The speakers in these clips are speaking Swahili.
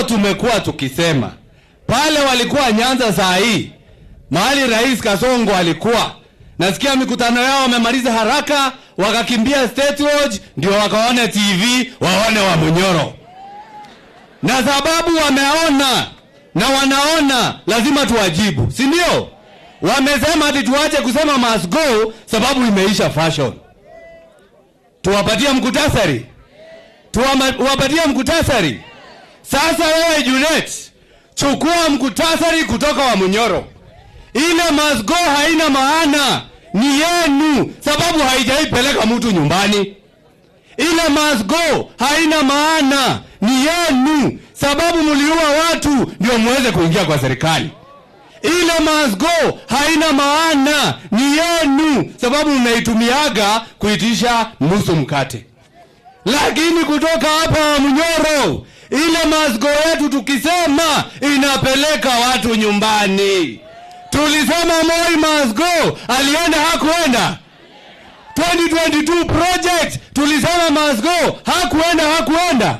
Ndio tumekuwa tukisema pale walikuwa Nyanza saa hii mahali Rais Kasongo alikuwa nasikia mikutano yao wamemaliza haraka, wakakimbia State Lodge ndio wakaone TV waone wa Munyoro, na sababu wameona na wanaona lazima tuwajibu, si ndio? Wamesema hati tuache kusema must go, sababu imeisha fashion. Tuwapatie mkutasari, tuwapatie mkutasari. Sasa wewe Junet, chukua mkutasari kutoka wa Munyoro. Ile masgo haina maana, ni yenu, sababu haijaipeleka mtu nyumbani. Ile masgo haina maana, ni yenu, sababu mliua watu ndio muweze kuingia kwa serikali. Ile masgo haina maana, ni yenu, sababu mnaitumiaga kuitisha nusu mkate. Lakini kutoka hapa wa Munyoro ile masgo yetu tukisema inapeleka watu nyumbani. Tulisema Moi masgo alienda, hakuenda 2022 project tulisema masko hakuenda, hakuenda.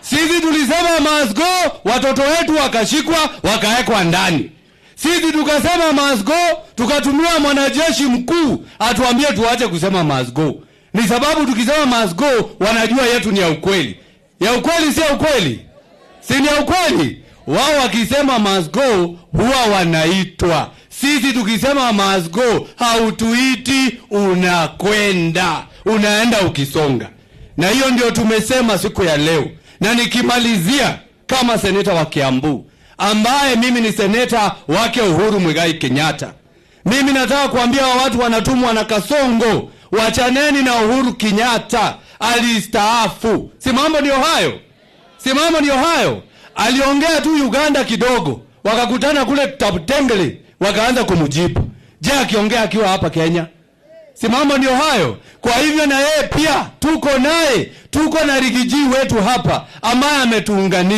Sisi tulisema masko, watoto wetu wakashikwa wakawekwa ndani. Sisi tukasema masgo tukatumia mwanajeshi mkuu atuambie tuache kusema masgo ni sababu tukisema masgo wanajua yetu ni ya ukweli ya ukweli, si ya ukweli, si ni ya ukweli. Wao wakisema must go huwa wanaitwa. Sisi tukisema must go hautuiti, unakwenda, unaenda ukisonga, na hiyo ndio tumesema siku ya leo. Na nikimalizia kama seneta wa Kiambu ambaye mimi ni seneta wake Uhuru Mwigai Kenyatta, mimi nataka kuambia wa watu wanatumwa na kasongo, wachaneni na Uhuru Kenyatta alistaafu. Si mambo ndio hayo? Si mambo ndio hayo? Aliongea tu Uganda kidogo, wakakutana kule Taptengele, wakaanza kumjibu. Je, akiongea akiwa hapa Kenya? Si mambo ndio hayo? Kwa hivyo na yeye pia tuko naye, tuko na rigijii wetu hapa ambaye ametuunganisha.